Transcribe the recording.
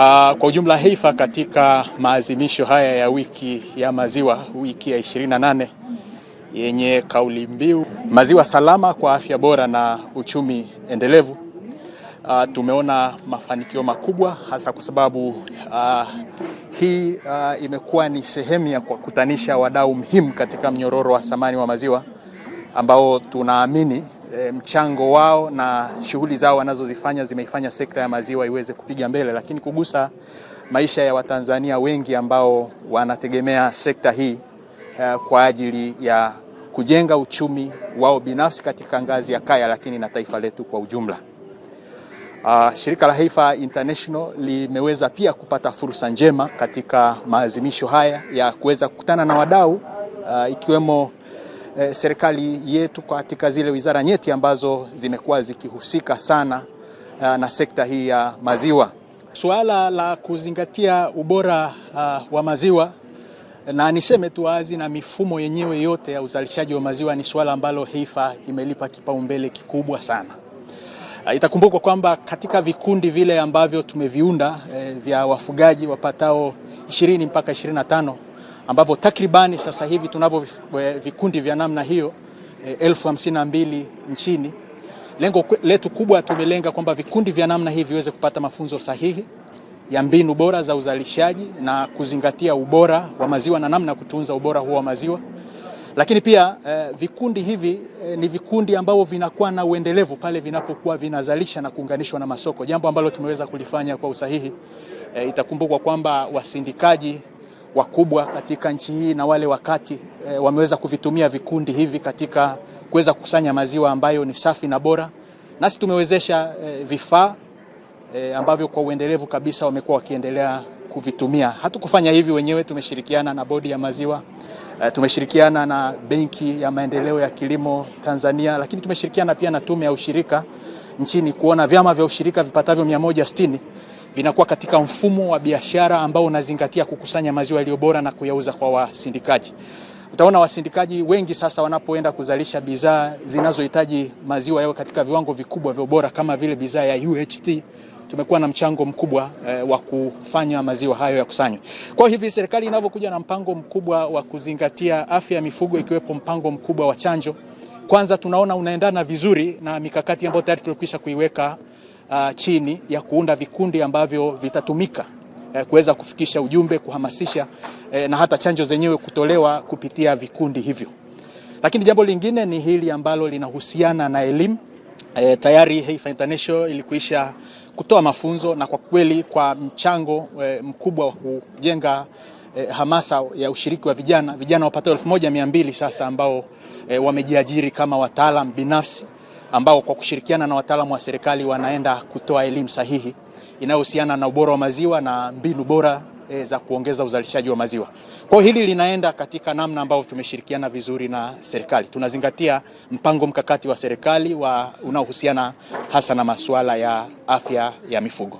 Ah, kwa ujumla Heifa katika maazimisho haya ya wiki ya maziwa, wiki ya 28 yenye kauli mbiu maziwa salama kwa afya bora na uchumi endelevu, uh, tumeona mafanikio makubwa hasa kwa sababu uh, hii imekuwa ni sehemu ya kuwakutanisha wadau muhimu katika mnyororo wa thamani wa maziwa ambao tunaamini e, mchango wao na shughuli zao wanazozifanya zimeifanya sekta ya maziwa iweze kupiga mbele, lakini kugusa maisha ya Watanzania wengi ambao wanategemea sekta hii e, kwa ajili ya kujenga uchumi wao binafsi katika ngazi ya kaya, lakini na taifa letu kwa ujumla. Uh, shirika la Haifa International limeweza pia kupata fursa njema katika maazimisho haya ya kuweza kukutana na wadau uh, ikiwemo eh, serikali yetu katika zile wizara nyeti ambazo zimekuwa zikihusika sana eh, na sekta hii ya maziwa. Suala la kuzingatia ubora uh, wa maziwa na niseme tu wazi, na mifumo yenyewe yote ya uzalishaji wa maziwa ni suala ambalo HEIFA imelipa kipaumbele kikubwa sana. Eh, itakumbukwa kwamba katika vikundi vile ambavyo tumeviunda eh, vya wafugaji wapatao 20 mpaka 25 ambavyo takribani sasa hivi tunavyo vikundi vya namna hiyo eh, elfu hamsini na mbili nchini. Lengo letu kubwa tumelenga kwamba vikundi vya namna hii viweze kupata mafunzo sahihi ya mbinu bora za uzalishaji na kuzingatia ubora wa maziwa na namna kutunza ubora huo wa maziwa. Lakini pia eh, vikundi hivi eh, ni vikundi ambavyo vinakuwa na uendelevu pale vinapokuwa vinazalisha na kuunganishwa na masoko, jambo ambalo tumeweza kulifanya kwa usahihi. Eh, itakumbukwa kwamba wasindikaji wakubwa katika nchi hii na wale wakati e, wameweza kuvitumia vikundi hivi katika kuweza kukusanya maziwa ambayo ni safi na bora. Nasi tumewezesha e, vifaa e, ambavyo kwa uendelevu kabisa wamekuwa wakiendelea kuvitumia. Hatukufanya hivi wenyewe, tumeshirikiana na bodi ya maziwa e, tumeshirikiana na Benki ya Maendeleo ya Kilimo Tanzania, lakini tumeshirikiana pia na Tume ya Ushirika nchini kuona vyama vya ushirika vipatavyo 160 vinakuwa katika mfumo wa biashara ambao unazingatia kukusanya maziwa yaliyo bora na kuyauza kwa wasindikaji. Utaona wasindikaji wengi sasa wanapoenda kuzalisha bidhaa zinazohitaji maziwa yao katika viwango vikubwa vya ubora kama vile bidhaa ya UHT tumekuwa na mchango mkubwa eh, wa kufanya maziwa hayo ya kusanywa. Kwa hivi serikali inavyokuja na mpango mkubwa wa kuzingatia afya ya mifugo ikiwepo mpango mkubwa wa chanjo, kwanza tunaona unaendana vizuri na mikakati ambayo tayari tulikwisha kuiweka uh, chini ya kuunda vikundi ambavyo vitatumika uh, kuweza kufikisha ujumbe, kuhamasisha uh, na hata chanjo zenyewe kutolewa kupitia vikundi hivyo. Lakini jambo lingine ni hili ambalo linahusiana na elimu. E, tayari Haifa International ilikuisha kutoa mafunzo na kwa kweli kwa mchango e, mkubwa wa kujenga e, hamasa ya ushiriki wa vijana vijana wapatao 1200 sasa ambao e, wamejiajiri kama wataalam binafsi ambao kwa kushirikiana na wataalamu wa serikali wanaenda kutoa elimu sahihi inayohusiana na ubora wa maziwa na mbinu bora e, za kuongeza uzalishaji wa maziwa. Kwa hili linaenda katika namna ambayo tumeshirikiana vizuri na serikali. Tunazingatia mpango mkakati wa serikali wa unaohusiana hasa na masuala ya afya ya mifugo.